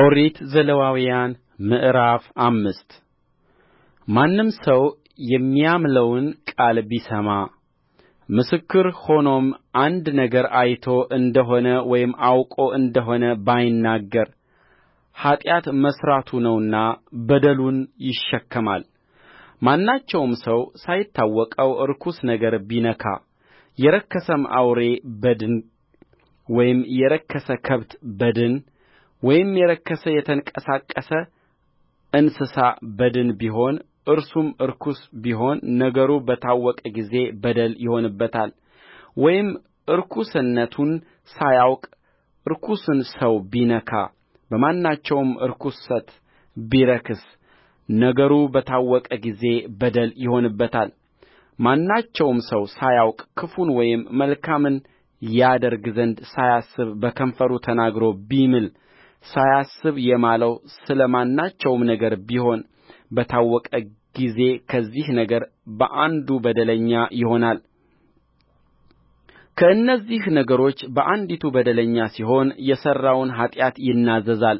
ኦሪት ዘሌዋውያን ምዕራፍ አምስት ማንም ሰው የሚያምለውን ቃል ቢሰማ ምስክር ሆኖም አንድ ነገር አይቶ እንደሆነ ወይም አውቆ እንደሆነ ባይናገር ኃጢአት መሥራቱ ነውና በደሉን ይሸከማል። ማናቸውም ሰው ሳይታወቀው ርኩስ ነገር ቢነካ የረከሰም አውሬ በድን ወይም የረከሰ ከብት በድን ወይም የረከሰ የተንቀሳቀሰ እንስሳ በድን ቢሆን እርሱም ርኩስ ቢሆን ነገሩ በታወቀ ጊዜ በደል ይሆንበታል ወይም ርኵስነቱን ሳያውቅ ርኩስን ሰው ቢነካ በማናቸውም ርኵሰት ቢረክስ ነገሩ በታወቀ ጊዜ በደል ይሆንበታል ማናቸውም ሰው ሳያውቅ ክፉን ወይም መልካምን ያደርግ ዘንድ ሳያስብ በከንፈሩ ተናግሮ ቢምል ሳያስብ የማለው ስለ ማናቸውም ነገር ቢሆን በታወቀ ጊዜ ከዚህ ነገር በአንዱ በደለኛ ይሆናል ከእነዚህ ነገሮች በአንዲቱ በደለኛ ሲሆን የሠራውን ኃጢአት ይናዘዛል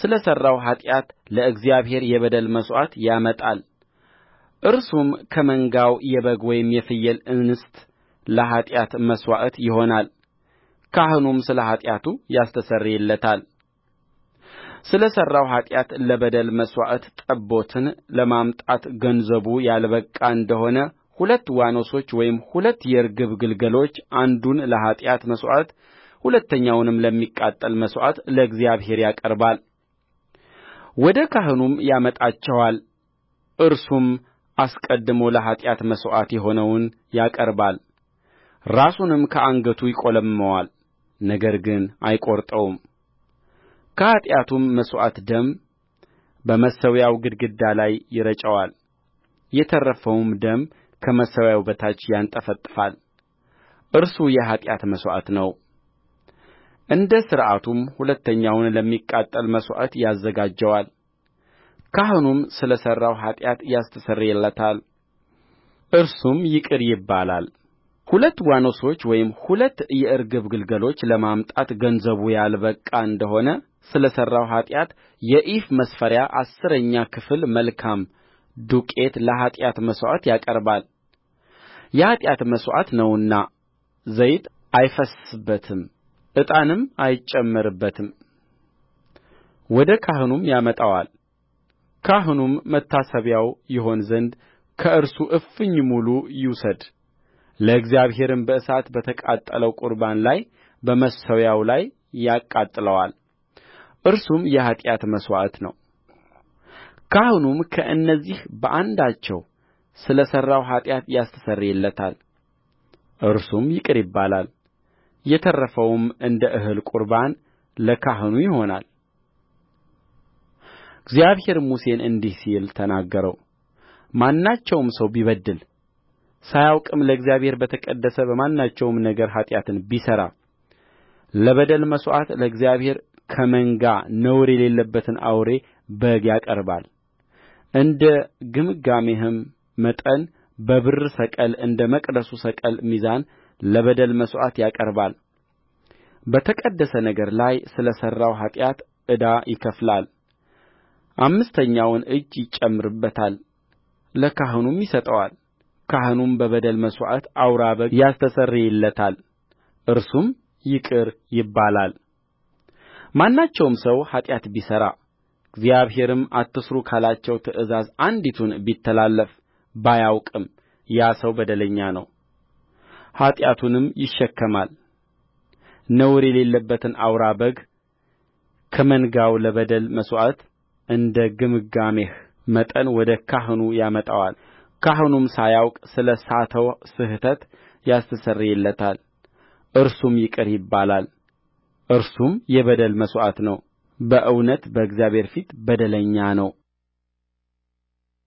ስለ ሠራው ኃጢአት ለእግዚአብሔር የበደል መሥዋዕት ያመጣል እርሱም ከመንጋው የበግ ወይም የፍየል እንስት ለኃጢአት መሥዋዕት ይሆናል ካህኑም ስለ ኃጢአቱ ያስተሰርይለታል ስለ ሠራው ኃጢአት ለበደል መሥዋዕት ጠቦትን ለማምጣት ገንዘቡ ያልበቃ እንደ ሆነ ሁለት ዋኖሶች ወይም ሁለት የርግብ ግልገሎች አንዱን ለኃጢአት መሥዋዕት ሁለተኛውንም ለሚቃጠል መሥዋዕት ለእግዚአብሔር ያቀርባል ወደ ካህኑም ያመጣቸዋል እርሱም አስቀድሞ ለኃጢአት መሥዋዕት የሆነውን ያቀርባል ራሱንም ከአንገቱ ይቈለምመዋል ነገር ግን አይቈርጠውም ከኃጢአቱም መሥዋዕት ደም በመሠዊያው ግድግዳ ላይ ይረጨዋል የተረፈውም ደም ከመሠዊያው በታች ያንጠፈጥፋል እርሱ የኃጢአት መሥዋዕት እንደ ሥርዓቱም ሁለተኛውን ለሚቃጠል መሥዋዕት ያዘጋጀዋል ካህኑም ስለ ሠራው ኃጢአት ያስተሰርይለታል እርሱም ይቅር ይባላል ሁለት ዋኖሶች ወይም ሁለት የርግብ ግልገሎች ለማምጣት ገንዘቡ ያልበቃ እንደ ሆነ ስለ ሠራው ኃጢአት የኢፍ መስፈሪያ አሥረኛ ክፍል መልካም ዱቄት ለኃጢአት መሥዋዕት ያቀርባል የኃጢአት መሥዋዕት ነውና ዘይት አይፈስስበትም ዕጣንም አይጨመርበትም ወደ ካህኑም ያመጣዋል ካህኑም መታሰቢያው ይሆን ዘንድ ከእርሱ እፍኝ ሙሉ ይውሰድ ለእግዚአብሔርም በእሳት በተቃጠለው ቁርባን ላይ በመሠዊያው ላይ ያቃጥለዋል እርሱም የኃጢአት መሥዋዕት ነውካህኑም ከእነዚህ በአንዳቸው ስለ ሠራው ኃጢአት ያስተሰርይለታል እርሱም ይቅር ይባላል የተረፈውም እንደ እህል ቁርባን ለካህኑ ይሆናል እግዚአብሔርም ሙሴን እንዲህ ሲል ተናገረው ማናቸውም ሰው ቢበድል ሳያውቅም ለእግዚአብሔር በተቀደሰ በማናቸውም ነገር ኃጢአትን ቢሠራ ለበደል መሥዋዕት ለእግዚአብሔር ከመንጋ ነውር የሌለበትን አውራ በግ ያቀርባል እንደ ግምጋሜህም መጠን በብር ሰቅል እንደ መቅደሱ ሰቅል ሚዛን ለበደል መሥዋዕት ያቀርባል በተቀደሰ ነገር ላይ ስለ ሠራው ኃጢአት ዕዳ ይከፍላል አምስተኛውን እጅ ይጨምርበታል ለካህኑም ይሰጠዋል ካህኑም በበደል መሥዋዕት አውራ በግ ያስተሰርይለታል እርሱም ይቅር ይባላልማናቸውም ሰው ኃጢአት ቢሠራ እግዚአብሔርም አትሥሩ ካላቸው ትእዛዛት አንዲቱን ቢተላለፍ ባያውቅም ያ ሰው በደለኛ ነው፣ ኃጢአቱንም ይሸከማል። ነውር የሌለበትን አውራ በግ ከመንጋው ለበደል መሥዋዕት እንደ ግምጋሜህ መጠን ወደ ካህኑ ያመጣዋል። ካህኑም ሳያውቅ ስለ ሳተው ስሕተት ያስተሰርይለታል እርሱም ይቅር ይባላልእርሱም የበደል መሥዋዕት ነው በእውነት በእግዚአብሔር ፊት በደለኛ ነው